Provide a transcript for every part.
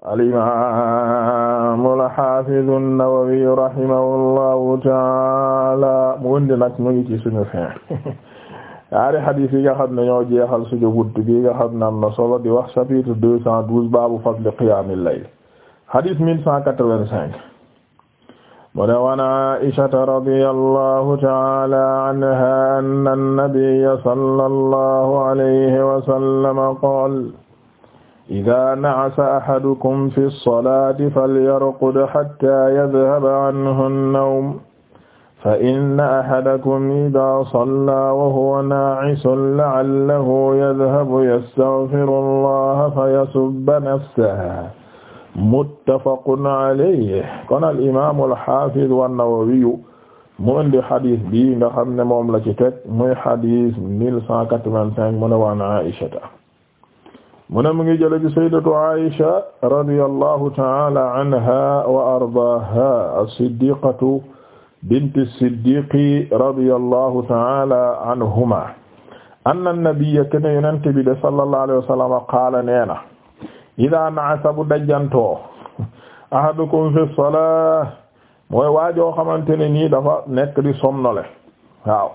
alimamu alhafidu an-Nawawi rahimahullahu taala mu wëndi nag mu ngi ci suñu fin yaari hadis yi nga xam ne ñoo jeexal suñu bunt bi nga xam ne am na solo di wax chapitre deux cent douze baabu fadli qiyaamil layl hadis mille cent quatre-vingt-cinq mu ne wan Aïsata radiyallahu taala anha anna an-nabiyya sallallahu ida nacasa axadukum fi lsolati falyarqud xatta yadhaba anhu nnawm fa inna axadakum ida salla wahuwa naacisun lacallahu yadhabu yastaghfiru allaha fa yasubba nafsahu muttafaqun alayhi kon al imaamu alxafiz wannawawiyu mu indi xadis bi nga xam ne moom la ci teg muy xadis 1185 mu ne waan aishata mu ne mu ngi jële ci sayyidatu Aisha radiyallahu ta'ala anha wa ardaaha as-siddiqatu binti siddiqi radiyallahu ta'ala anhuma anna nabiyya kana yonent bi de sallallahu alayhi wa sallam qaala neena idaa na'asa bu dajjantoo ahadukum fi salaa mooy waajoo xamante ne nii dafa nekk di somnole waaw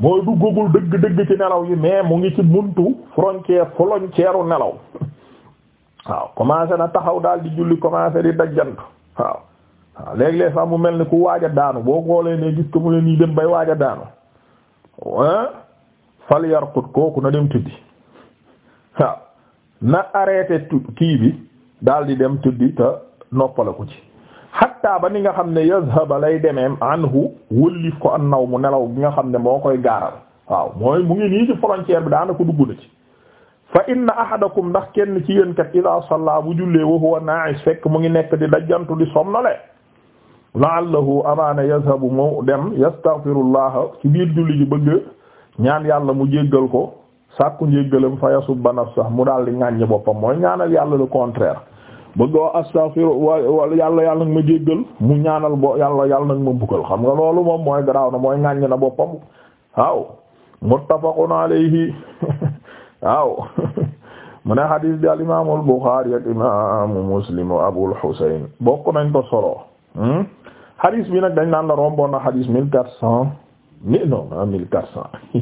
mooy duggagul dëgg-dëgg ci nelaw yi mais mu ngi ci buntu frontière frontière u nelaw waaw commencé na taxaw daal di julli commencé di dajjantu waaw waaw léeg-léeg mu mel ni ku waaja a daanu boo xoolee ne gis ko mu ne nii dem bay waaja a daanu fal yarqut kooku na dem tëddi waaw na arrêté kii bi daal di dem tëddi te noppale ko ci xatta ba ni nga xam ne yazhaba lay demeem anhu wëllif ko an naw mu nelaw bi nga xam ne moo koy gaaral waaw mooy mu ngi nii ci frontière bi daanaka dugg na ci fa inna ahadakum ndax kenn ci yéen kat ida salla bu jullee wa huwa fekk mu ngi nekk di dajjantu di somnole la'allahu amaana yazhabu mu dem yastaghfirullah ci biir julli ji bëgg ñaan yàlla mu jéggal ko sàkku njéggalam fa yasubba nafsa mu daal di ŋàññi boppam mooy ñaanal yàlla le contraire bëgg wax astaghfir wa yàlla yàlla nag ma jéggal mu ñaanal bo yàlla yàlla nag ma buggal xam nga loolu moom mooy garaaw na mooy ŋàññ na boppam waaw muttafaqun alayhi waaw mu ne xadiis bi al imaamu al bukaari ak imaamu muslim wa abu xuseyn bokk nañ ko solo hmm? xadiis bi nag dañ naan la romboon na xadiis mille quatre cents mais non ah mille quatre cent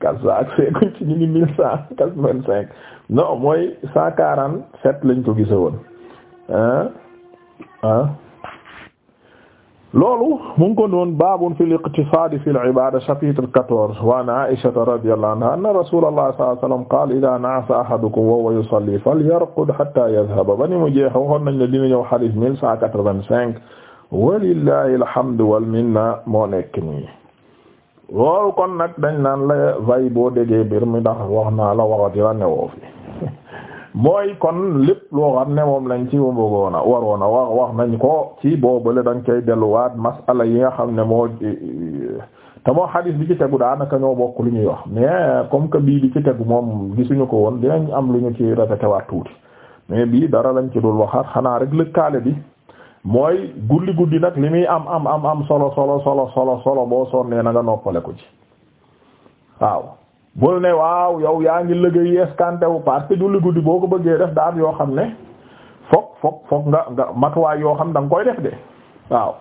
quatre cent ak cinquante ci ñu ngi mille cent quatre-vingt-cinq non mooy cent quarante-sept lañ ko gise woon ah ah loolu mu ngi ko doon baabun fil iqtisaad fil ibaada chapitre quatorze wa an Aïshata radiyallahu anha anna rasuulallahi sallallahu alayhi wa sallam qaala idaa na'asa ahadukum wa huwa yusalli falyarqud hatta yadhhaba ba ni mu jeex waxoon nañ ne dina ñëw hadith mille cent quatre-vingt-cinq walillahi alhamdu wal minna moo nekk nii loolu kon nag dañ naan la vay boo degee biir mi ndax wax naa la waxati la newoo fi mooy kon lépp loo xam ne moom lañ ci bëggoon a waroon a wax wax nañ ko ci boobale dañ koy delluwaat masala yi nga xam ne moo te moo xadis bi ci tegu daanaka ñoo bokk lu ñuy wax mais comme que bii bi ci tegu moom gisuñu ko woon dinañ am lu ñu ci répété waat tuuti mais bii dara lañ ci dul waxaat xanaa rek lëkkaale bi mooy guddi guddi nag li muy am am am am solo solo solo solo solo boo sonnee na nga noppale ko ci waaw bul ne waaw yow yaa ngi liggéey escanté wu parce que julli guddi boo ko bëggee def daal yoo xam ne fokk fokk fokk nga nga matuwaay yoo xam da nga koy def de waaw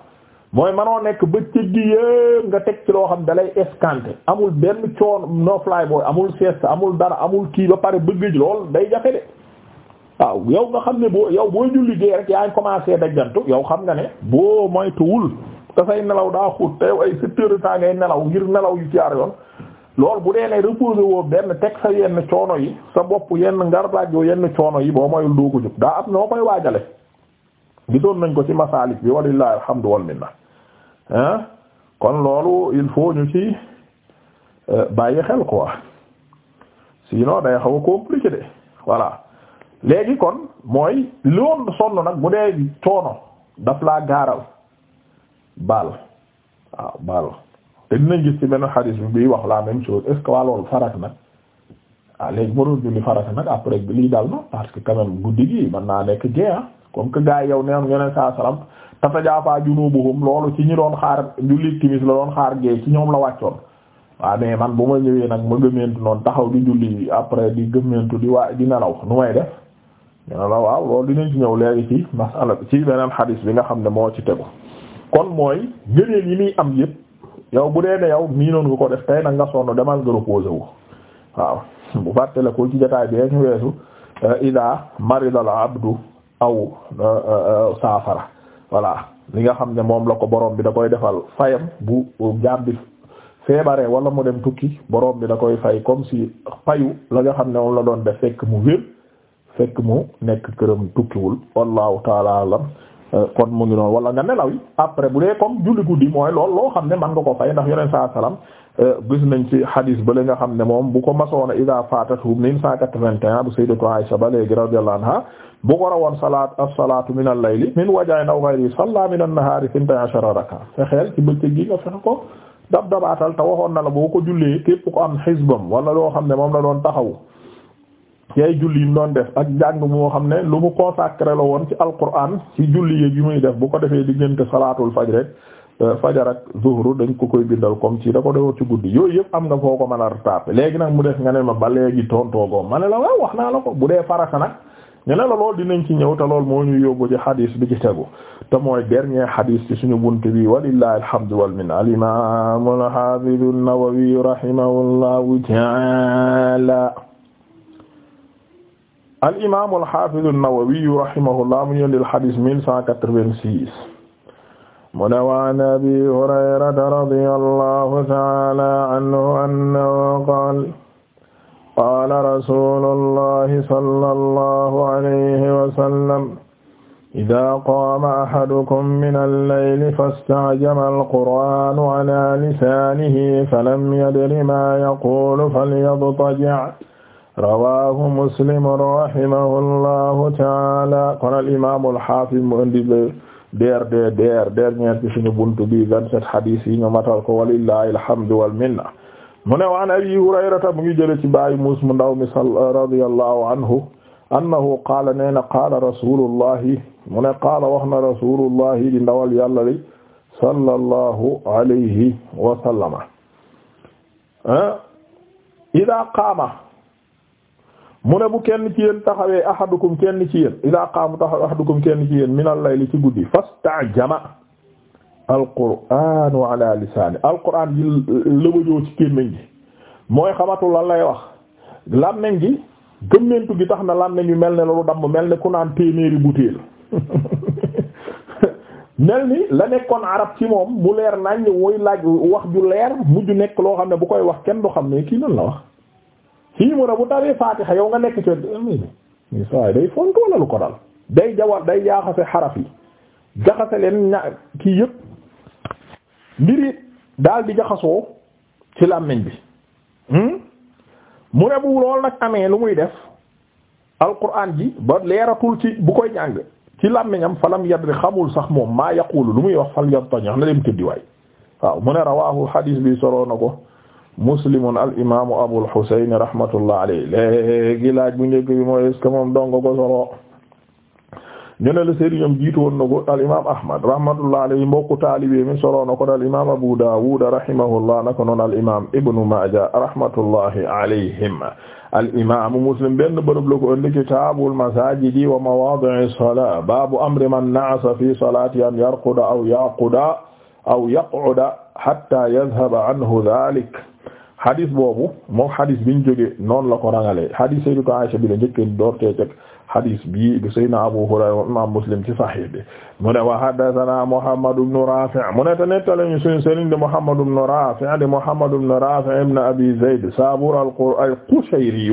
mooy manoo nekk bëccëg gi yëpp nga teg ci loo xam dalay escanté amul benn coon noflaay booy amul sieste amul dara amul kii ba pare bëgg ji lool day jafe de waaw yow nga xam ne boo yow booy julli gee rek yaa ngi commencé dajjantu yow xam nga ne boo moytuwul te say nelaw daa xut te yow ay sept ngay nelaw ngir nelaw yu jaar yoon lool bu dee ne reposé woo benn teg sa yenn coono yi sa bopp yenn ngardaaj yoo yenn coono yi boo moyul doo ko jóg daa am noo koy waajale gisoon nañ ko ci masaalik bi walillahi alhamdu wal minna hein kon loolu il faut ñu ci euh, bàyyi xel quoi sinon day xaw a compliqué de voilà léegi kon mooy loon sonn nag bu dee coono daf laa gaaral baal waaw baal te dinañ gis ci benn xadis bi biy wax la même chose est ce que waa loolu farata nag ah léegi boo doon julli farata nag après lii dal na parce que quand même guddi gi mën naa nekk géeya ah comme que gars yi yow neen yeneen saa salaam tatajaafaa junuubuhum loolu ci ñi doon xaar julli timis la doon xaar gee ci ñoom la wàccoon. waa mais man bu ma ñëwee nag ma gëmëntu noonu taxaw di julli après di gëmëntu di waa di nelaw nu may def. ñene waaw loolu dinañ ci ñëw léegi ci masala bi ci beneen xadis bi nga xam ne moo ci tegu kon mooy ngëneel yi muy am yëpp yow bu dee ne yow mii noon nga ko def tay nag nga sonn demal nga reposer wu waaw bu fàtte la ko ci jotaay bi ñu weesu ida euh, voilà li nga xam ne moom la ko borom bi da koy defal fayam bu jaam feebaree wala moo dem tukki boroom bi da koy fay comme si fayu la nga xam ne moom la doon def fekk mu wér fekk mu nekk këram tukkiwul wallahu taala alam euh, kon mu ngi noonu wala nga nelaw yi après bu dee comme julli guddi mooy lool loo xam ne man nga ko fay ndax yeneen saa salaam gis nañ ci hadis ba la nga xam ne moom bu ko masoona ida fatatu mille cent quatre-vingt-un bu sayyidatu ba léegi radiyallahu anha bu ko rawoon salaat as-salaatu min al-layli min waja'in aw ghayri salla min an-nahaari sintay ashara raka fexeel ci bëccëg gi nga fexe ko dab dabaatal te waxoon na la boo ko jullee képp ko am xisbam wala loo xam ne moom la doon taxaw ci ay julli yi doon def ak njàng moo xam ne lu mu consacré la woon ci alquran ci julli yi muy def bu ko defee diggante salaatul faj rek euh, fajar ak zuhru dañ ko koy bindal comme ci da ko defoon ci guddi yooyu yëpp am nga foo ko mën a rattrapé léegi nag mu def nga ne ma ba léegi tontoogoom ma ne la waaw wax naa la ko bu dee farata nag ñu ne la lool dinañ ci ñëw te lool moo ñuy yóbbu ci xadiis bi ci tegu te mooy dernier xadiis ci suñu bunt bi walillahi alhamdu wal minna al imaam al haafid an-Nawawi rahimahullahu ta'ala al imaam al haafiz an-Nawawi rahimahullah mu ñëw lil hadiis mille cent quatre-vingt-six mu ne wa an Abi Hurayrata radiyallahu ta'ala anhu annahu qaala qaala rasuulullahi sallallahu alayhi wa sallam idaa qaama ahadukum minal layli fasta'jama al-qur'aanu alaa lisaanihi falam yadri maa yaquulu falyadtaji' rawahu muslim rahimahullahu taala kon al imamu alhafiz mu andi le DRD DR dernière ci suñu buntu bi vingt-sept hadis yi ñu matal ko walillahi alhamdu wal minna mu ne waan abi hurayrata mu ngi jële ci bàyyi muus mu ndaw mi sal radiyallahu anhu annahu qaala nee na qaala rasulullahi mu ne qaala wax na rasulullahi di ndawal yàlla li sallallahu alayhi wa sallama ida qaama mu ne bu kenn ci yéen taxawee ahadukum kenn ci yéen ila qaama taxaw ahadukum kenn ci yéen min al li ci guddi fastajama alqur'anu ala lisaani alqur'an ji lëbëjoo ci gémmiñ gi mooy xamatul lan lay wax làmmiñ gi gëmmentu gi tax na làmmiñ yu mel ne loolu damm mel ne ku naan téeméeri butéel mel ni la nekkoon arab ci moom mu leer nañ woy laaj wax ju leer mujj nekk loo xam ne bu koy wax kenn du xam ne kii nan la wax fii mu ne bu tawee faatiha yow nga nekk ci mi day font wala lu ko dal day jawal day jaaxase xaraf yi jaxase leen ña kii yëpp mbiri daal di jaxasoo ci làmmiñ bi hmm? mu ne bu lool nag amee lu muy def alquran ji ba leeratul ci bu koy jàng ci làmmiñam falam yadri xamul sax moom maa yaqulu lu muy wax fal yadtañax na dem tëddi waay waaw mu ne rawahu hadis bi soroo na ko muslimun al imaamu abul husayn rahmatullah alayhi léegi laaj bu njëkk bi mooy est-ce que moom dong ko solo ñu ne la sëriñam jiitu woon na ko al imaam Ahmad rahmatullah alayhi mbokku taalibe mi solo na ko al imaam Abu Dawud rahimahullah naka noonu al imaam Ibn Maaja rahmatullahi alayhim al imaamu Muslim benn bërëb la ko indi kitaabul masaajidi wa mawaadi'i salaa baabu amri man na'asa fi salaati an yarquda aw yaquda aw yaquda hatta yadhhaba anhu dhalik hadis boobu moom hadis biñ jóge noonu la ko rangalee hadis Sayyidatu Aisha bi la njëkk doortee ceg hadis bi bi sayyidina Abu Hurayra imam Muslim ci sahih bi mu ne wa haddathana Muhammad ibn Rafi' mu ne te nettalañu suñu sëriñ de Muhammad ibn Rafi' de Muhammad ibn Rafi' ibn Abi Zayd Sabur al-Qushayri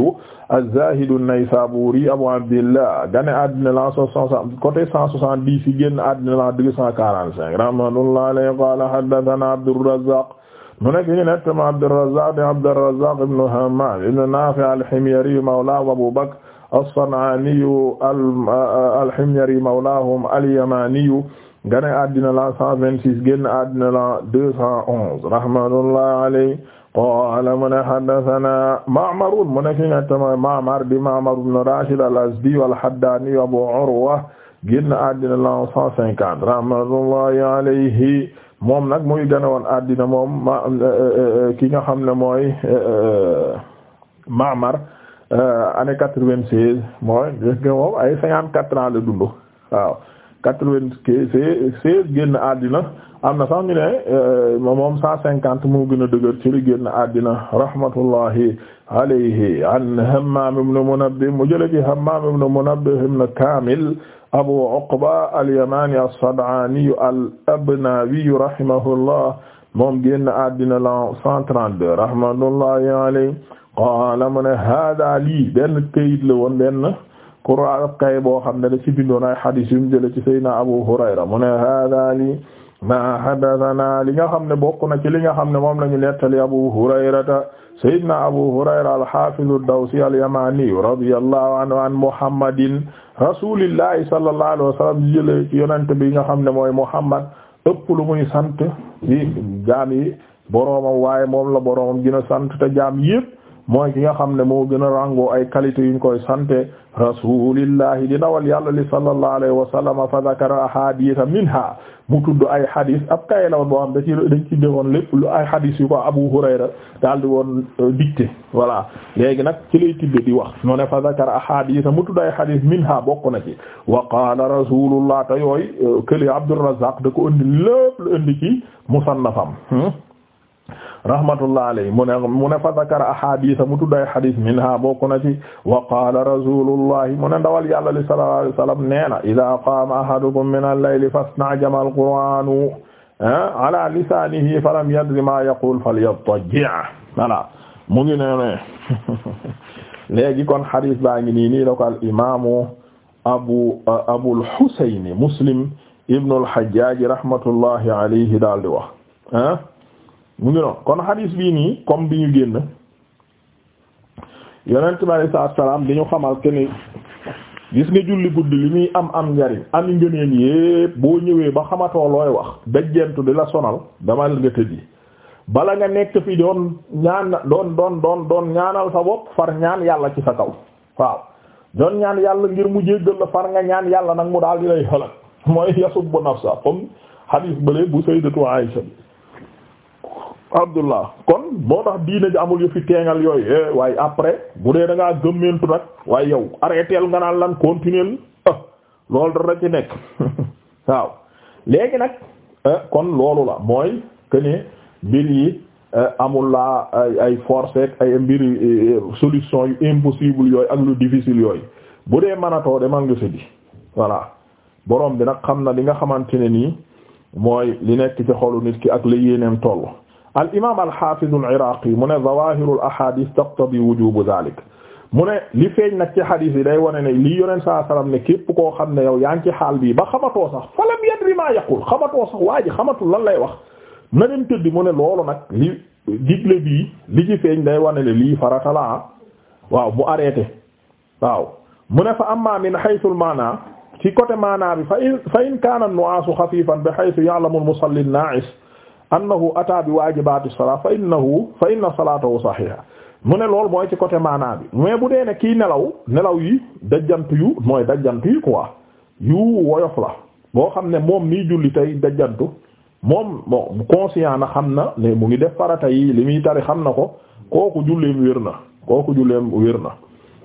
az-Zahid an-Naysaburi Abu Abdillah gane àddina la côté 170 ci génn àddina la 245 rahmatullahi alayhi qala haddathana Abdurrazzaq mu nekk ñu nettama Abdurrazzaq de Abdurrazzaq ibn Hammam ibn Nafi' al-Himyari mawla Abu Bakr as-San'aaniyu euh, al-Himyari mawlaahum al-Yamaaniyu gane addina la 126 génn addina la 211 rahmatullahi alayhi qaala mu ne haddasanaa Ma'mar mu ne ki nga tama Ma'mar di Ma'mar ibn Raashid al-Azdi al-Haddaani Abu Urwa génn addina la 150 rahmatullahi alayhi moom nag muy gane woon addina moom euh, euh, ki nga xam ne mooy Ma'mar Euh, année quatre-vingt-seize mooy nga moom ay cinquante-quatre ans la dund waaw quatre àddina am na sax ñu ne euh, moom cent cinquante moo gën a dëgër ci li génn àddina rahmatullahi alayhi an Hammaam ibn Munabbih mu jële ci Hammaam ibn Munabbih ibn Kaamil Abu Uqba al sadani al-Abnawi rahimahullah moom génn àddina la 132 rahmatullahi alayhi qaala mu ne hada lii benn kayit la woon benn quraan kay boo xam ne da ci bindoon ay hadis yu mu jële ci Seydina Abu Hurayra mu ne hada lii ma hadathana li nga xam ne bokk na ci li nga xam ne moom la ñu nettali Abu Hurayrata Seydina Abu Hurayra al-Hafizu ad-Dawsi al-Yamani radiyallahu anhu an Muhammadin rasulillahi sallallahu alayhi wa sallam jële ci yonent bi nga xam ne mooy Muhammad ëpp lu muy sant ci jaam yi boroomam waaye moom la boroomam gën a sant te jaam yépp mooy ki nga xam ne moo gën a rango ay qualité yuñ koy sante rasulillahi di ndawal yàlla li sallallahu alayhi wa sallama fa zakara ahaditha minha mu tudd ay hadis ab kayi la woon xam da ci dañ lépp lu ay hadis yu ko Abu Hurayra daal di woon euh, dicté voilà léegi nag ci lay tibbe di wax noo ne fa zakara ahaditha mu tudd ay hadis minha bokk na ci wa qaala rasulullah te yooyu euh, këli Abdurrazzaq da ko indi lépp lu indi ci musannafam hmm? rahmatullah alayhi mu ne mu ne fa zakara ahadisa mu tudday hadis minha bokk na ci wa qaala rasulullahi mu ne ndawal yàlla li sallallahu alayhi wa sallam nee na ida qaama ahadukum min al-layli fastajama al-qur'anu ah, ala lisanihi falam yadri ma yaqul falyattaji' voilà mu ngi ne léegi kon hadis baa ngi nii nii la ko al imamu abu abul husayn muslim ibn al-hajjaj rahmatullahi alayhi daal di wax ah. mu ngi noonu kon xadiis bii nii comme bi ñu génn yonent bi alayhi salaatu salaam di ñu xamal que ni gis nga julli guddi li muy am am njariñ am ngëneel yépp boo ñëwee ba xamatoo looy wax dajjentu di la sonal dama la nga tëj yi bala nga nekk fi doon ñaan doon doon doon doon ñaanal sa bopp far ñaan yàlla ci sa kaw waaw doon ñaan yàlla ngir mu jéggal la far nga ñaan yàlla nag mu daal di lay xelal mooy yasubbu nafsa comme xadiis bële bu sayyidatu Aisha bi abdullah kon moo tax diine ji amul fi teengal yooyu eh, waaye après bu dee dangaa ngaa gëmmentu nag waaye yow arrêtéel nga naan lan continuer ah loolu dara ci nekk waaw léegi nag eh, kon loolu la mooy que ne mbir yi eh, amul laa ay ay force ay mbir solution yu impossible yooyu ak lu difficile yooyu bu dee mënatoo demal nga sëddi voilà borom bi nag xam na li nga xamante ne nii mooy li nekk ci xolu nit ki ak la yéeneem tollu al imaam al haafiz al iraaqi mu ne zawaahirul ahaadiis taqtadii wujuubu zaalik mu ne li feeñ nag ci xadiis yi day wane ne lii yoneen saa salaam ne képp koo xam ne yow yaa ngi ci xaal bii ba xamatoo sax falam yadri maa yaqul xamatoo sax waa ji xamatul lan lay wax na dem tëddi mu ne loolu nag li digle bii li ci feeñ day wane ne lii farata la ah. waaw mu arrêté waaw mu ne fa amma min haythul maana ci côté maana bi fa in fa in kaana nu'aasu xafiifan bi haythu ya'lamu al musalli an-naa'is annahu ata bi waajibaati salaa fa innahu fa inna salaatahu saxiixa mu ne lool mooy ci côté maanaa bi mais bu dee ne kii nelaw nelaw yi dajjant yu mooy dajjant yi quoi yu woyof la boo xam ne moom nii julli tey dajjantu moom bon conscient na xam na ne mu ngi def farata yi li muy tari xam na ko kooku julleem wér na kooku julleem wér na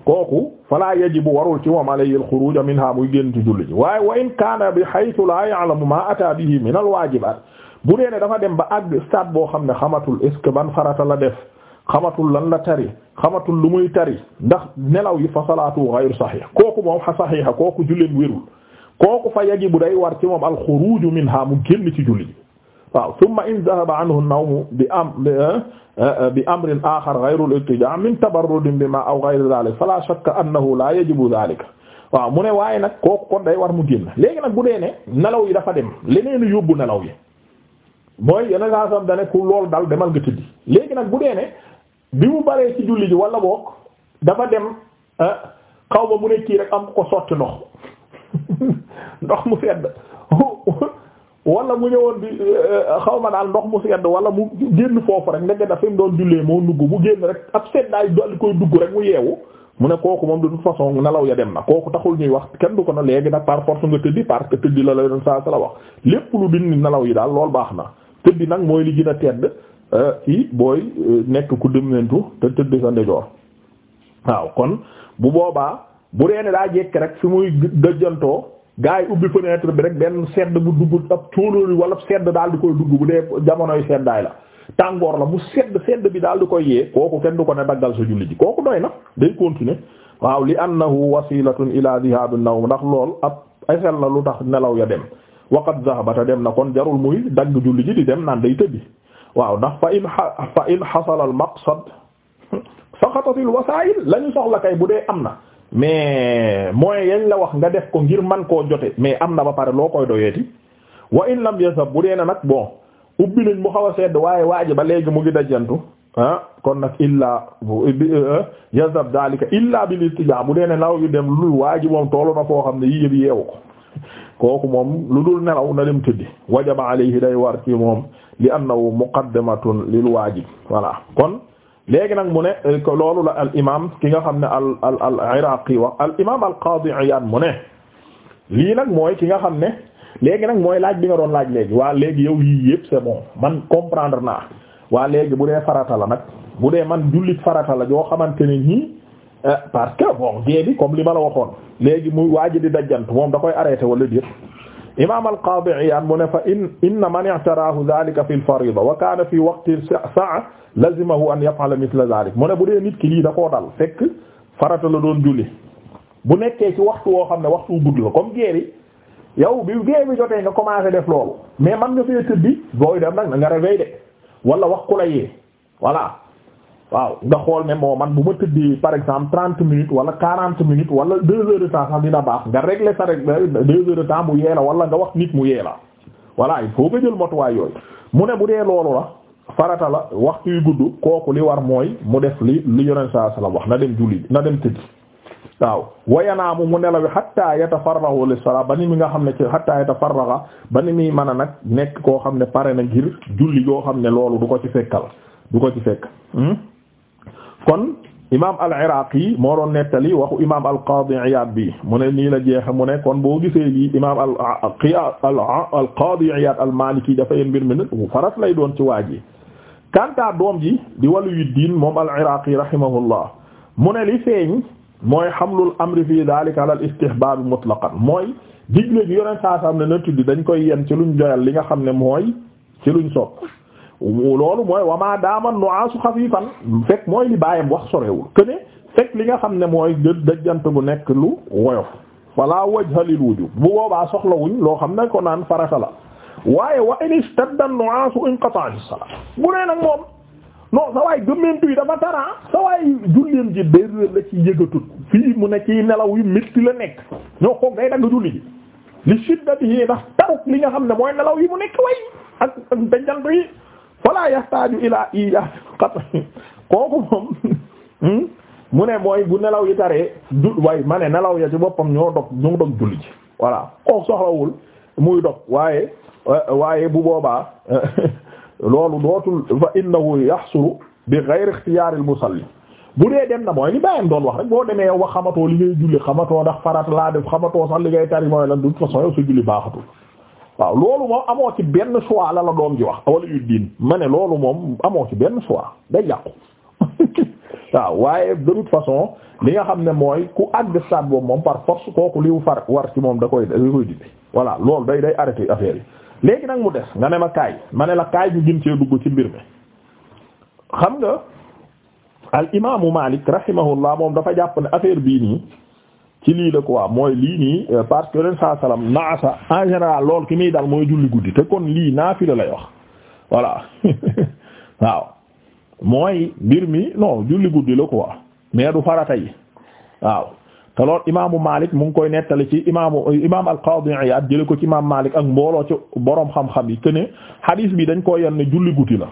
kooku fala yajibu warul ci moom alayhi al-xuruj minha muy génn ci julli ji waaye wa in kaana bi haythu la ya'lamu ma ata bihi min al-waajibaat bu dee ne dafa dem ba àgg stade boo xam ne xamatul est-ce que ban farata la def xamatul lan la tari xamatul lu muy tari ndax nelaw yi fa salaatu ghayru sahih kooku moom xa saxiixa kooku julleem wérul kooku fa yaji bu day war ci moom alxuruju minha mu génn ci julli waaw thumma in dhahaba anhu an-nawmu bi am bi eh, eh, amrin axar ghayru al-ittija' min tabarrudin bima aw ghayri dhalik fala shakka annahu la yajibu dhalik waaw mu ne waaye nag kooku kon day war mu génn léegi nag bu dee ne nelaw yi dafa dem leneen yóbbu nelaw yi mooy yeneen saa sam dane ku lool dal demal nga tëddi léegi nag bu dee ne bi mu baree ci julli ji wala book dafa dem ah, xaw ma mu ne kii rek am ko sotti ndox ndox mu sedd wala mu ñëwoon bi eh, xaw ma daal ndox mu sedd wala mu génn foofu rek ndeke dafa doon jullee moo nugg mu génn rek ab seddaay dal koy dugg rek mu yeewu mu ne kooku moom de toute façon nelaw ya dem na kooku taxul ñuy wax kenn du ko na léegi nag par force nga tëddi parce que tëddi la la doon saa sa la wax lépp lu dindi nelaw yi daal loolu baax na tëddi nag mooy li gën a tedd euh, ci booy euh, nekk ku dëmmentu te tëdd sa ndejoor waaw kon bu boobaa bu dee daa jekk rek fi muy dëjantoo gaa yi ubbi fenêtre bi rek benn sedd bu dugg ab cóolóori wala sedd daal di koy dugg bu dee jamonoy seddaay la tàngoor la mu sedd sedd bi daal di koy yee kooku kenn du ko ne daggal sa julli ji kooku doy na day continuer waaw li annahu wasilatun ila dhihab an-nawm ndax lool ab esel la lu tax nelaw ya dem waqad zahabata dem na kon jarul muy dagg julli ji di dem naan day tëddi waaw ndax fa in fa in xasala al maqsad saqatatil wasail la ñu soxla kay bu dee am na mais moyen yañ la wax nga def ko ngir man koo jote mais am na ba pare loo koy doyee doyeeti wa in lam yasab bu dee na nag bon ubbi nañ mu xaw a sedd waaye waa ji ba léegi mu ngi dajantu ah kon nag illaa eh, yasab dalika illaa bil istijaa bu dee ne naw yu dem lu waa ji moom toolu na foo xam ne yi yëpp yeewu ko kooku moom lu dul nelaw na dem tëddi wajaba alayhi day war ci moom li annahu muqaddamatun lil waajib voilà kon léegi nag mu ne euh, loolu la al imaam ki nga xam ne al al al iraqi al imaam al qaadi Iyaad mu ne lii nag mooy ki nga xam ne léegi nag mooy laaj bi nga doon laaj léegi waa léegi yow yii yëpp c'est bon man comprendre naa waa léegi bu dee farata la nag bu dee man jullit farata la joo xamante ne nii Euh, parce que bon dee comme li ma la waxoon léegi muy waaji di dajjant moom da koy arrêté wala déet imam al-Qadi Iyad mu ne fa in inna man i'tarahu dhalika fi al-farida wa kana fi waqti sa'a lazimahu an yaf'ala mithla dhalik mu ne bu dee nit ki lii da koo dal fekk farata la doon julli bu nekkee ci waxtu woo xam ne waxtu wu gudd la comme géeri yow bi géeri jotee nga commencé def loolu mais man nga fee tëddi booy dem nag na nga réveillé wala wax ku la yee waaw nga xool ne moo man bu ma tëddee par exemple trente minutes wala quarante minutes wala deux heures de temps sax dina baax nga régler sa rek deux heures temps mu yee la wala nga wax nit mu yee la voilà ay faut nga jël motuwaay yooyu mu ne bu dee loolu la farata la waxtu yu gudd kooku li war mooy mu def li li yoneen saa salaam wax na dem julli na dem tëdd waaw wayanaamu mu nelawi hatta yatafarrahu li salaa ba ni mi nga xam ne ci hatta yatafarraha ba ni muy mën a nag nekk koo xam ne pare na ngir julli yoo xam ne loolu du ko ci fekkal du ko ci fekk hmm? kon imaam al-Iraqi moo doon nettali waxu imaam al-Qadi Iyad bi mu ne nii la jeexe mu ne boo gisee lii imaam al-Qadi Iyad al-Maliki dafay mbir mi nag farat lay doon ci waa ji kanta doom ji di waliyu diin moom al-Iraqi rahimahullah mu ne li feeñ mooy xamlul amri fi daalika ala al-istihbaab mutlaqan mooy digle gi yoneen saa saa ne na tuddi dañ koy yen ci luñ joyal li nga xam ne mooy ci luñ sopp loolu mooy wama daaman nu'aasu xafiifan fekk mooy li baayam wax sorewul que ne fekk li nga xam ne mooy dajjant bu nekk lu woyof fala wajha lil wujub bu boobaa soxlawuñ loo xam ne ko naan farata la waaye wa in istadda nu'aasu inqata'a as-salaat bu nee nag moom non sa waay gëmmentu yi dafa tara sa waay julleem ji béréer la ci yëgatut fii mu ne ciy nelaw yu métti la nekk ñoo xoog day dagg julli ji li shiddatihi ndax taruk li nga xam ne mooy nelaw yi mu nekk fala yahtaju ila ija xat kooku moom hmm? mu ne mooy bu nelaw yi taree du way ma ne nelaw ya ci boppam ñoo dog ñoo dog julli ci voilà kooku soxlawul muy dog waaye waaye bu boobaa loolu dootul fa innahu yaxsulu bi ghayri ikhtiyar al musalli bu dee dem na mooy li bàyyam doon wax rek boo demee yow wax xamatoo li ngay julli xamatoo ndax farat laa def xamatoo sax li ngay tari mooy lan de toute façon yow sa julli baaxatul waaw loolu moom amoo ci benn choix la la doom ji wax wala yu diin ma ne loolu moom amoo ci benn choix day yàqu waaw waaye de toute façon li nga xam ne mooy ku àgg stade boobu moom par force kooku liw far war ci moom da koy da koy dindi voilà loolu day day arrêté affaire yi léegi nag mu des nga ne ma kaay ma ne la kaay ñu gën cee dugg ci mbir mi xam nga al imaamu Maalik rahimahullah moom dafa jàpp ne affaire bii nii ci lii la quoi mooy lii nii euh, parce que leen saa salaam naasa en général lool ki muy dal mooy julli guddi te kon lii naafila lay wax voilà waaw mooy mbir mi non julli guddi la quoi mais du farata yi waaw te lool imaamu Malik mu ngi koy nettali ci imaamu euh, imaam al-Qadi Iyad jële ko ci imaam Malik ak mbooloo ci boroom xam-xam yi que ne bi dañ koy yenn julli guddi la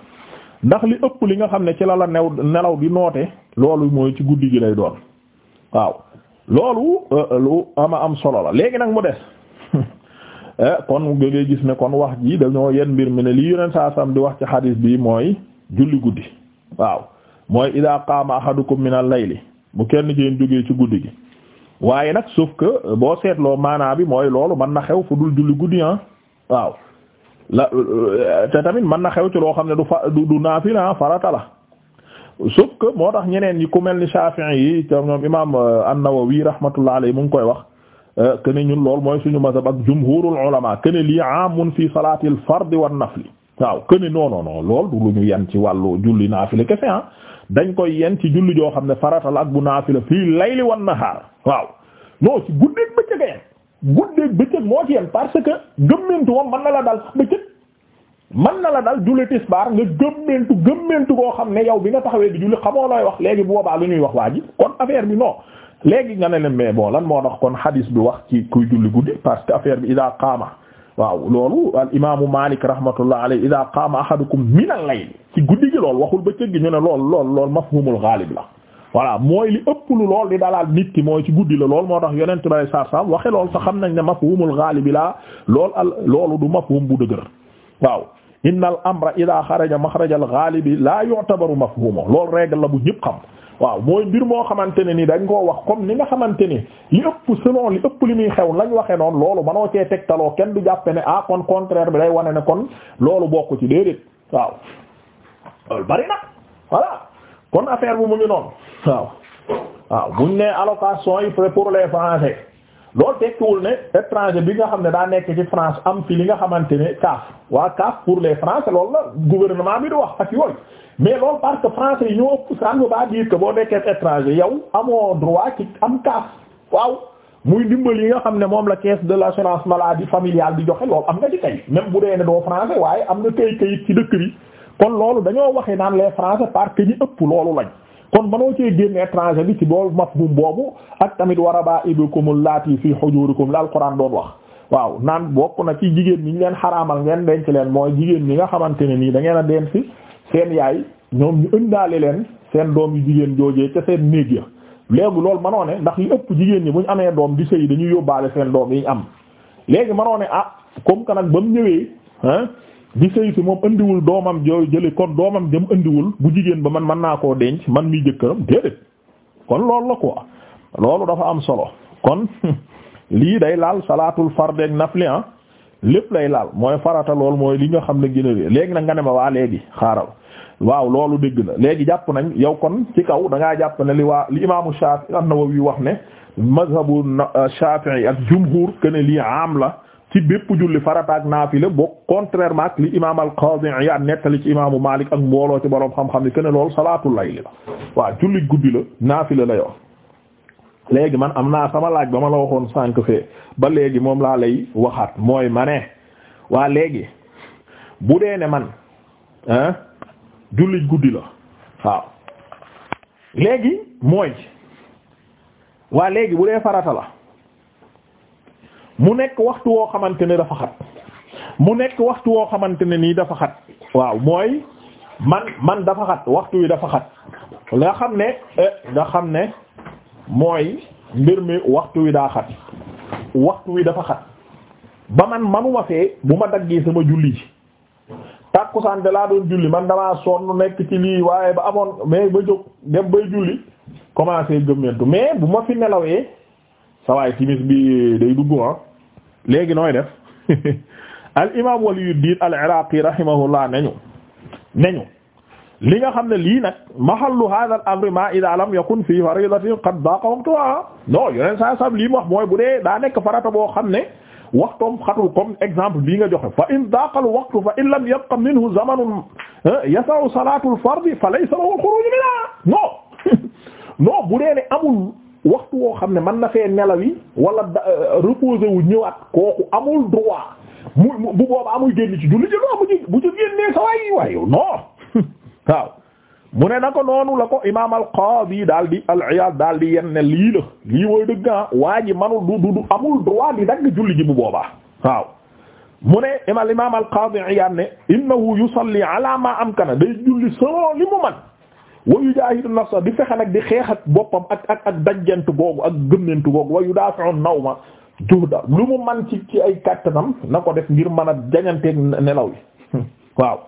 ndax li ëpp li nga xam ne ci la la new nelaw di noote loolu mooy ci gudd gi lay loolu euh, euh, lu ama am solo la léegi nag mu des eh, kon nga ngay gis ne kon wax ji dañoo yenn mbir mi ne li yoneen saa sam di wax ci xadis bi mooy julli guddi waaw mooy ida qaama ahadukum min al layli bu kenn ci yéen jógee ci guddi gi waaye nag sauf que euh, boo seetloo maanaa bi mooy loolu man na xew fu dul julli guddi ah waaw la te tamit mën na xew ci loo xam ne du fa du naafila ah, farata la sauf que moo tax ñeneen yi ku mel ni Shafi'i yi te ñoom imaam euh, an-Nawawi rahmatullah alayhi mu koy wax euh, que ñun lool mooy suñu mazhab ak jumhurul ulama que ne lii amun fi salaatil fard wan nafli waaw que ne non lool du lu ñu yan ci wàllu julli naafile kese ah dañ koy yen ci julli joo xam ne faratal ak bu naafila fii layli wan nahaar waaw non ci guddeeg bëccëg a yen guddeeg bëccëg moo ci yen parce que gëmmantu wam mën na la dal sax man na la dal julli tisbaar nga gëmmentu gëmmentu koo xam ne yow bi na taxawee di julli xamoo looy wax léegi bu boobaa lu ñuy wax waa ji kon affaire bi non léegi nga ne leen mais bon lan moo tax kon hadis bi wax ci kuy julli guddi parce que affaire bi ida qaama waaw loolu al imaamu Maalik rahmatullah alayhi ida qaama ahadukum min a layl ci guddi gi loolu waxul ba cëgg ñu ne lool lool lool mafhumul ghalib la voilà mooy li ëpp lu lool di dalaal nit ki mooy ci guddi la lool moo tax yonent bi saa saa waxe lool sa xam nañ ne mafhumul ghalib la lool loolu du mafhum bu dëgër waaw inna al amra ida xaraja maxraja al gaalibi la yu'tabaru mafhuma loolu règle la bu ñëpp xam waaw mooy mbir moo xamante ne ni dañ koo wax comme ni nga xamante ni li ëpp selon li ëpp li muy xew lañ waxee noonu loolu manoo cee tegtaloo kenn du jàppe ne ah kon contraire bi day wane ne kon loolu bokk ci déedéet waaw loolu bari na voilà kon affaire bu mu ngi noonu waaw waaw buñ ne allocation yi pour les français loolu tekkiwul ne étranger bi nga xam ne daa nekk ci France am fi li nga xamante ne CAF waa CAF pour les français lool la gouvernement bi di wax ak yooyu mais loolu parce que yi ñoo ëpp ça ne veut boo nekkee étranger yow amoo droit ci am CAF waaw muy dimbal yi nga xam ne moom la caisse de l'assurance maladie familiale di joxe loolu am nga ci kay même bu dee ne doo français waaye am na kay kayit ci dëkk bi kon loolu dañoo waxee naan les français parce ëpp loolu lañ kon manoo cee génn étranger bi ci bool mafhum boobu ak tamit war a baa ibukumul laati fi hujurikum la alquran doon wax waaw naan bokk na ci jigéen ñi ñu leen xaraamal ngeen denc leen mooy jigéen ñi nga xamante ne nii da a denc seen yaay ñoom ñu ëndaale leen seen doom yu jigéen joojee ca seen néeg ya léegi loolu manoo ne ndax li ëpp jigéen ñi bu ñu amee doom di sëy dañuy yóbbaale seen doom yi ñu am léegi manoo ne ah comme que nag ba mu ñëwee di sëy si moom indiwul doomam jooy jële kon doomam jëm indiwul bu jigéen ba man man naa koo denc man mi jëkkëram déedéet kon loolu la ko loolu dafa am solo kon lii day laal salaatul fard ak nafli ah lépp lay laal mooy farata loolu mooy li nga xam ne gën a léegi nag nga ne ma waa léegi xaaral waaw loolu dégg na léegi jàpp nañ yow kon ci kaw da ngaa jàpp ne li waa li imaamu Shaafi an-Nawawi wax ne mazhabu Shaafi'i ak jumhur que ne lii am la. ci bépp julli farata ak naafila boo contrairement ak li imaam al-Qaadi Iyaad nettali ci imaamu Maalik ak mbooloo ci boroom xam-xam kën a loolu salaatul layli la waaw julli guddi la naafila la yoon léegi man am naa sama laaj ba ma la waxoon sànq fee ba léegi moom laa lay waxaat mooy ma ne waa léegi bu dee ne man ah julli guddi la waaw léegi mooy waa léegi bu dee farata la. mu nekk waxtu woo xamante ne dafa xat mu nekk waxtu woo xamante ne nii dafa xat waaw mooy man man dafa xat waxtu wi dafa xat nga xam ne eh, nga xam ne mooy mbir mi waxtu wi daa xat waxtu wi dafa xat ba man manuma fee bu ma daggee sama julli tàkkusaan de laa doon julli man damaa sonn nekk ci lii waaye ba amoon mais ba jóg dem bay julli commencé gëmmentu mais bu ma fi nelawee sawaay timis bi day dugg ah léegi nooy def al imam waliyuddin al iraqi rahimahullah nañu nañu li nga xam ne lii nag mahallu hadha al amri ma idha lam yakun fi faridatin qad daqa waqtuha non yeneen saa sam lii mu wax mooy bu dee daa nekk farata boo xam ne waxtoom xatul comme exemple bii nga joxe fa in daqa al waqtu fa in lam yabqa minhu zamanun eh, yasa'u salatu al fard fa laysa al khuruj minha non non ne amul xam ne mën na fee nelawi wala euh, reposer wu ñëwaat kooku amul droit bu booba amul génn ci julli ji non bu ci bu ci génnee sa waay waay yow non waaw mu ne na noonu la ko imaam al qaadi daal di al iyaad di yen ne lii la lii mooy dëgg ah du du amul droit di dagg julli ji bu boobaa waaw mu ne imaam al qaadi iyaad ne innahu yusalli man wayu jaahidu nafsa di fexe nag di xeex ak boppam ak ak ak dajjant googu ak gëmmentu googu wayu daafi'u nawma juhda lu mu man ci ci ay kàttanam na ko def ngir mën a jañanteeg nelaw yi waaw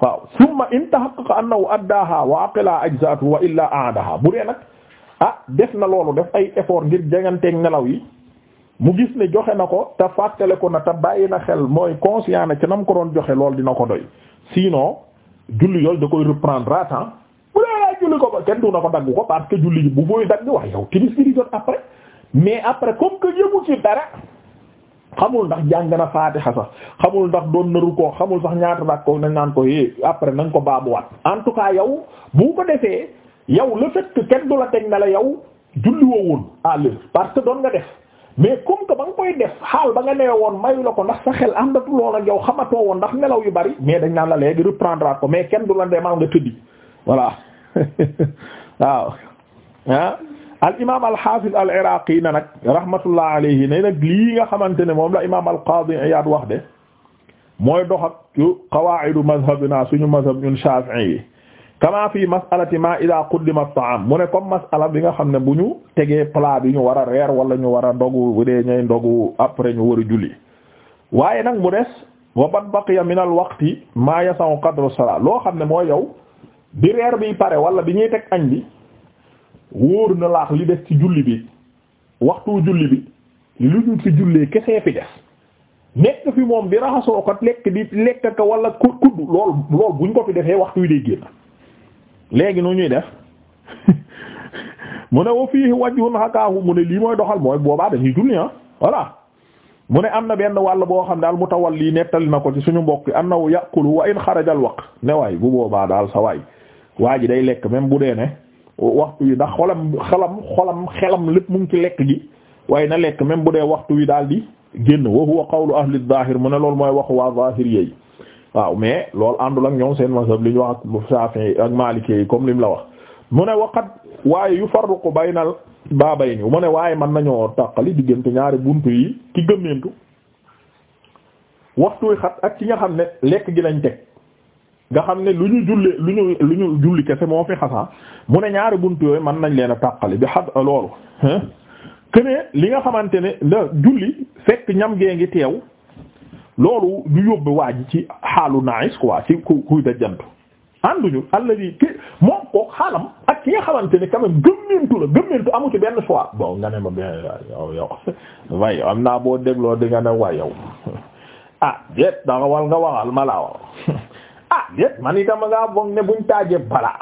waaw summa in tahaqqaqa annahu addaaha wa aqila ajzaatu wa illaa aadaha bu dee nag ah def na loolu def ay effort ngir jañanteeg nelaw yi mu gis ne joxe na ko te fàttale ko na te bàyyi na xel mooy conscient na ci nam ko doon joxe loolu dina ko doy sinon julli yool da koy reprendre temps bu dee yaay julli ko ba kenn du na ko dagg ko parce que julli bu booy dagg waaye yow timis gi après mais après comme que yëngu ci dara xamul ndax jàng na faatiha sax xamul ndax doon naru koo xamul sax ñaata bak ko nañ naan ko yé après nañ ko baabuwaat en tout cas yow bu ko defee yow le fait que kenn du la teg na la yow julli woo woon à l'heure parce que doon nga def mais comme que ba nga koy def xaal ba nga newee woon mayu la ko ndax sa xel àndatuloo ak yow xamatoo woon ndax nelaw yu bari mais dañ naan la léegi reprendre ko mais kenn du la demal nga tëddi voilà waaw ah al imaam al xaafis al iraaqi na nag rahmatullah alayhi ne nag lii nga xamante ne moom la imaam al qaadi Iyaad wax de mooy dox ak yu qawaa'idu mazhabina suñu mazhab ñun Shaafi'i yi kamaa fii mas'alati maa idaa quddima at-ta'aam mu ne comme mas'ala bi nga xam ne bu ñu tegee plat bi ñu war a reer wala ñu war a ndogu bu dee ñooy ndogu après ñu war a julli waaye nag mu des wa qad baqiya min al waqti maa yasahu qadru salaat loo xam ne mooy yow. bi reer bi pare wala bi ñuy teg añ bi wóor na laax li des ci julli bi waxtu julli bi lu ñu fi jullee kesee fi des nekk fi moom di raxasoo ko lekk di lekk ko wala ku kudd lool lool buñ ko fi defee waxtu yi day génn léegi nu ñuy def mu ne wa fii wajhun hakaahu mu ne lii mooy doxal mooy boobaa dañuy julli ah voilà mu ne am na benn wàll boo xam ne mu tawal lii nettali na ko ci suñu mbokk annahu yaqulu wa in xarajal waqt ne waay bu boobaa daal sa waay waa ji day lekk même bu dee ne waxtu yi ndax xolam xelam xolam xelam lépp mu ngi ci lekk gi waaye na lekk même bu dee waxtu wi daal di génn wa huwa qawlu ahli zahir mu ne loolu mooy waxu waa zahir yeey waaw mais loolu àndul ak ñoom seen mazhab li ñu wax ak Shafi'i ak Maliki yi comme lim la wax mu ne waqat waaye yufarriqu baynal baabayni mu ne waaye mën nañoo tàqali diggante ñaari buntu yi ki gëmmeentu waxtu wi xat ak ci nga xam ne lekk gi lañ teg nga xam ne lu ñu julli lu ñu lu ñu julli kese moo fi xasan mu ne ñaari buntu yooyu mën nañ leen a tàqali bi xad loolu këne li nga xamante ne la julli fekk ñam gee ngi teew loolu du yóbbu waa ji ci xaalu naais quoi ci ku kuy dajjantu ànduñu alladi ki moom ko xaalam ak ki nga xamante ne quand même la gëmmentu amu ci benn choix bon nga ne ma bien yow yow waaye am naa boo dégloo di nga ne waay yow ah jeet danga wal nga waxal ma laa wax ah déet man itam ngaa boog ne buñ taajee bala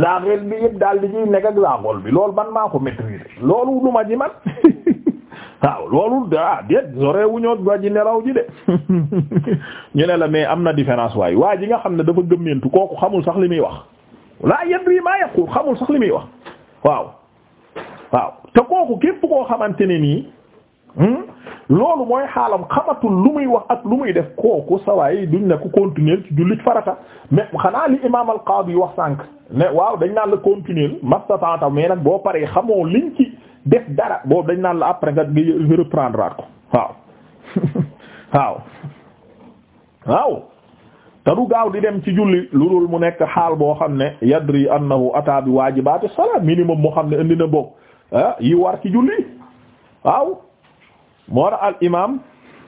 zaaxel bi yëpp daal di ñuy nekk ak zaaxol bi loolu man maa ko maîtriser loolu duma ji man waaw loolu ah déet sore wu ñoo ba ji nelaw ji de ñu ne la mais am na différence waaye waa ji nga xam ne dafa gëmmentu kooku xamul sax li muy wax laa yadri maa yaqul xamul sax li muy wax waaw waaw te kooku képp koo xamante ne nii hmm? loolu mooy xaalam xamatul lu muy wax ak lu muy def kooku sawaay duñ ne ko continuer ci jullit farata mais xanaa li imaam al wax sànq ne waaw dañ naan la continuer mastatanta mais nag boo paree xamoo liñ ci def dara boobu dañ naan la après nga reprendre ko waaw waaw waaw te du gaaw di dem ci julli lu dul mu nekk xaal boo xam ne yadri annahu ata bi waajibaati salaat minimum moo xam ne indi na bokk ah, yi war ci julli waaw moo tax al imaam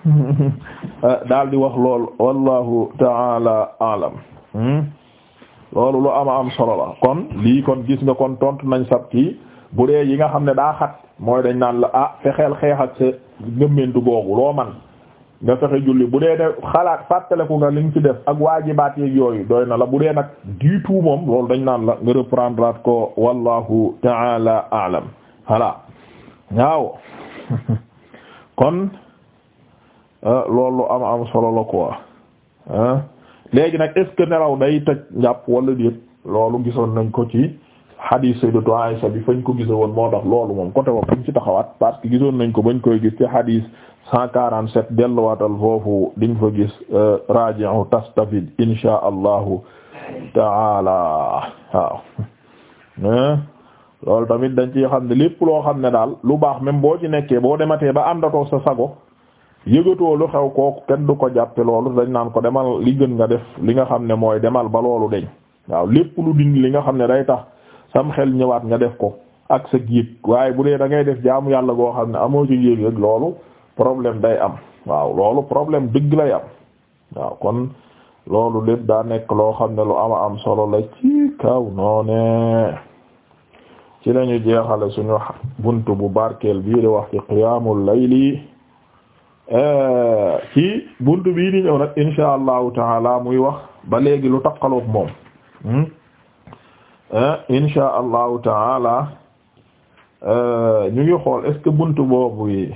euh, daal di wax lool wallahu taala alam hmm? loolu lu ama am solo la kon lii kon gis nga kon tontu nañ sab kii bu dee yi nga xam ne daa xat mooy dañ naan la ah fexeel xeex ak sa ngëmmentu loo man nga fexe julli bu dee ne xalaat fàttaleku nga li nga ci def ak waajibaat yeeg yooyu doy na la bu dee nag du tout moom loolu dañ naan la nga reprendre ko wallahu taala alam voilà waaw kon ah, loolu am am solo la quoi ah léegi nag est ce que nelaw day toj njàpp wala déet loolu gisoon nañ ko ci hadith sayyidatu a bi fañ ko gisoon moo tax loolu moom côté boobu buñ ci taxawaat parce que gisoon nañ ko bañ koy gis ci hadith cent quarante sept delluwaatal foofu diñ fa gis euh, raji'u tastafid insha allahu taala waaw ah. loolu tamit dañ ci xam ne lépp loo xam ne daal lu baax même boo ci nekkee boo dematee ba àndatoo sa sago yëgatoo lu xew kooku kenn du ko jàppe loolu dañ naan ko demal li gën nga def li nga xam ne mooy demal ba loolu deñ waaw lépp lu dindi li nga xam ne day tax sam xel ñëwaat nga def ko ak sa yëg waaye bu dee da ngay def jaamu yàlla goo xam ne amoo ci yëg ak loolu problème day am waaw loolu problème dëgg lay am waaw kon loolu lépp daa nekk loo xam ne lu ama am solo la ci lañu jeexale suñu bunt bu barkeel bii di wax ci qiyaamul layli eh, ci bunt bii di ñëw nag insha allahu taala muy wax ba léegi lu takkaloog moom hmm? eh, insha allahu taala eh, ñu ngi xool est-ce que buntu boobu yi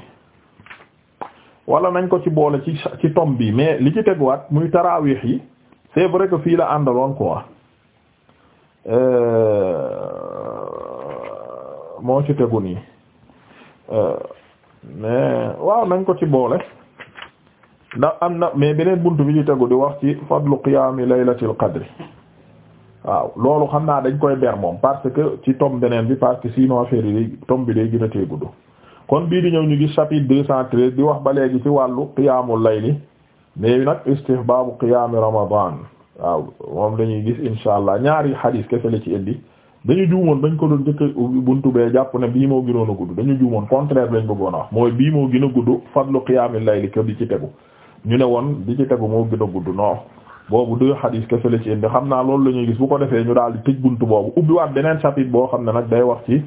wala nañ ko ci boole ci ci tom mais li ci teguwaat muy taraawix yi c'est vrai fii la àndaloon ko quoi moo ci tegu nii euh, mais waaw nañ ko ci boole ndax am na mais beneen bunt bi ci tegu di wax ci fadlu qiyaami laylatil qadri waaw loolu xam naa dañ koy ber moom parce que ci tome beneen bi parce que sinon affaire yi tome bi day gën a tee gudd kon bii di ñëw ñu gis chapitre deux cent treize di wax ba léegi ci wàllu qiyaamul layli mais nag istihbaabu qiyaami ramadan waaw moom dañuy gis insha allah ñaari xadiis kese la ci indi dañu juumoon bañ ko doon njëkk buntu bee jàpp ne bii moo gënoon a gudd dañu juumoon contraire lañ bëggoon a wax mooy bii moo gën a gudd fadlu qiyaamil layli ko di ci tegu ñu ne woon di ci tegu moo gën gudd non boobu deux hadith kese la ci indi xam naa loolu la ñuy gis bu ko defee ñu daal di tëj buntu boobu ubbiwaat beneen chapitre boo xam ne nag day wax ci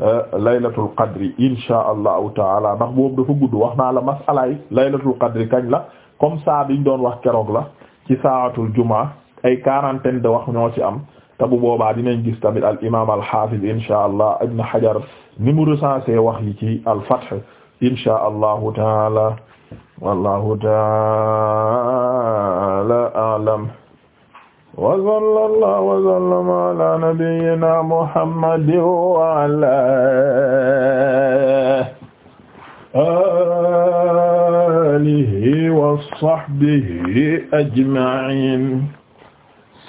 euh, laylatul qadri insha allahu taala ndax boobu dafa gudd wax naa la masalaay laylatul qadri kañ la comme ça biñ doon wax keroog la ci saatul jumaa ay quarantaine de wax ñoo ci am te bu boobaa dinañ gis tamit al imaam al hafiz insha allah ibn hajar ni mu recensé wax yi ci al fath insha allahu taala wallahu taala a'lam wa sallallahu wa sallama ala nabiyyina muhammadin wa ala alihi wa sahbihi ajma'in